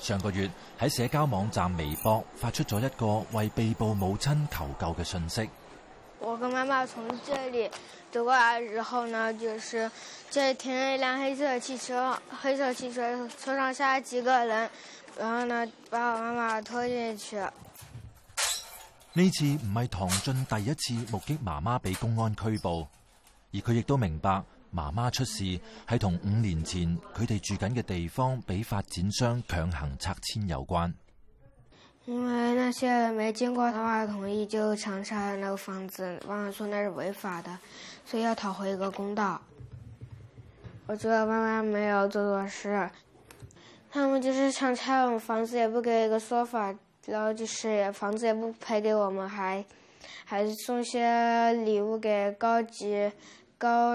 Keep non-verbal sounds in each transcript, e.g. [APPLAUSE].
上個月喺社交網站微博發出咗一個為被捕母親求救嘅信息。我跟媽媽從這裏走過來，然後呢，就是這停了一輛黑色汽車，黑色汽車車上下來幾個人，然後呢，把我媽媽拖進去。呢次唔係唐駿第一次目擊媽媽被公安拘捕，而佢亦都明白。媽媽出事係同五年前佢哋住緊嘅地方俾發展商強行拆遷有關。因為那些沒經過他媽同意就強拆那個房子，媽媽說那是違法的，所以要討回一個公道。我知道媽媽沒有做錯事，他們就是強拆我們房子，也不給一個說法，然後就是房子也不賠給我們，還還送些禮物給高級高，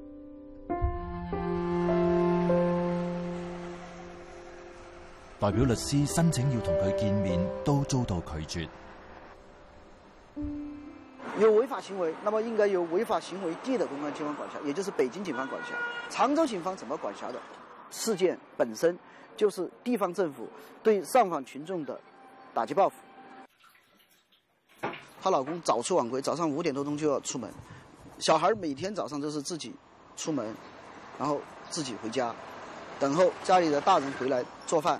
代表律師申請要同佢見面，都遭到拒絕。有違法行為，那麼應該由違法行為地的公安機關管轄，也就是北京警方管轄。常州警方怎麼管轄的？事件本身就是地方政府對上訪群眾的打擊報復。她老公早出晚歸，早上五點多鐘就要出門，小孩每天早上都是自己出門，然後自己回家，等候家裏的大人回來做飯。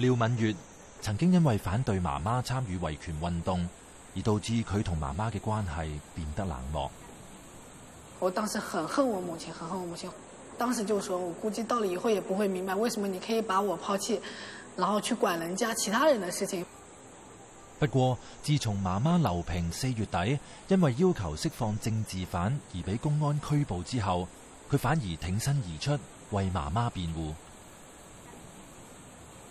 廖敏月曾經因為反對媽媽參與維權運動，而導致佢同媽媽嘅關係變得冷漠。我當時很恨我母親，很恨我母親，當時就說我估計到了以後也不會明白，為什麼你可以把我拋棄，然後去管人家其他人的事情。不過自從媽媽劉萍四月底因為要求釋放政治犯而被公安拘捕之後，佢反而挺身而出為媽媽辯護。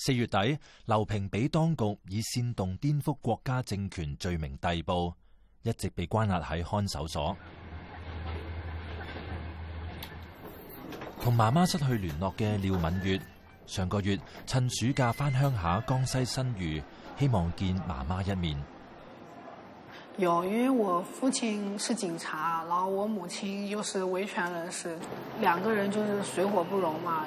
四月底，劉萍俾當局以煽動顛覆國家政權罪名逮捕，一直被關押喺看守所。同媽媽失去聯絡嘅廖敏月，上個月趁暑假返鄉下江西新餘，希望見媽媽一面。有，因為我父親是警察，然後我母親又是維權人士，兩個人就是水火不容嘛。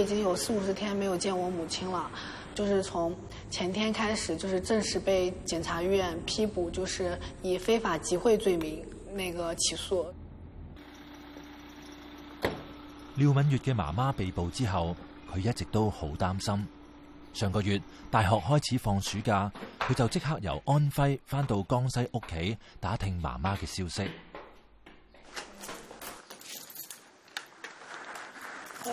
已經有四五十天沒有見我母親了，就是從前天開始，就是正式被檢察院批捕，就是以非法集會罪名那個起訴。廖敏月嘅媽媽被捕之後，佢一直都好擔心。上個月大學開始放暑假，佢就即刻由安徽返到江西屋企打聽媽媽嘅消息。哎，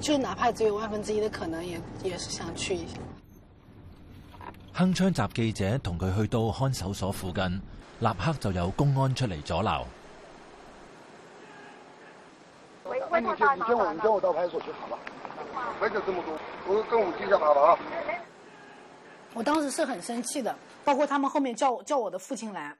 就哪怕只有萬分之一的可能也，也也是想去一下。鏗鏘集記者同佢去到看守所附近，立刻就有公安出嚟阻撓。我當時是很生氣的，包括他們後面叫我叫我的父親來。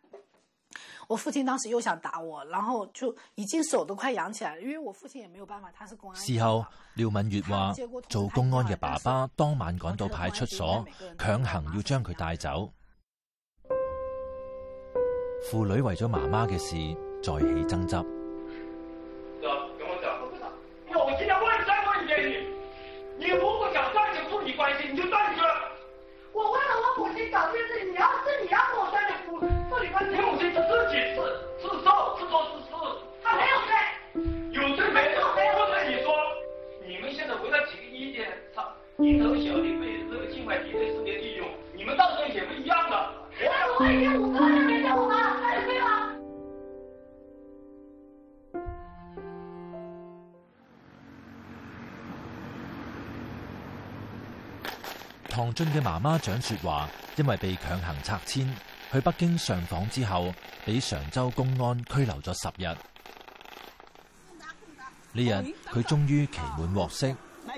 我父親當時又想打我，然後就已經手都快揚起來，因為我父親也沒有辦法，他是公安。事後，廖敏月話，做公安嘅爸爸是當晚趕到派出所，把他把他強行要將佢帶走。 [MUSIC] 父女為咗媽媽嘅事再起爭執。你的。媽、嗯，唐駿嘅媽媽蔣雪華，因為被強行拆遷，去北京上訪之後，俾常州公安拘留咗十日。呢日佢終於期滿獲釋。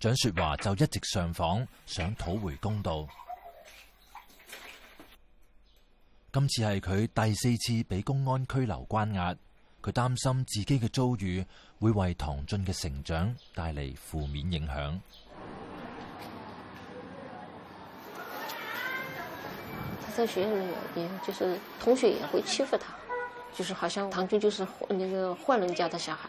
蔣雪華就一直上訪，想討回公道。今次係佢第四次被公安拘留關押，佢擔心自己嘅遭遇會為唐駿嘅成長帶嚟負面影響。他在學校裏邊，就是同學也會欺負他，就是好像唐駿，就是那個壞人家嘅小孩。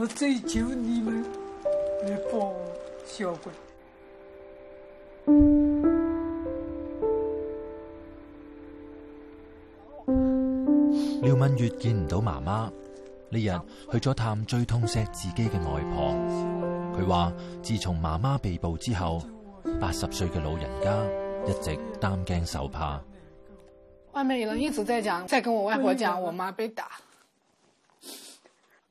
我追求你們，來幫小鬼。廖敏月見唔到媽媽，呢日去咗探最痛錫自己嘅外婆。佢話：自從媽媽被捕之後，八十歲嘅老人家一直擔驚受怕。外面有人一直在講，在跟我外婆講，我媽被打。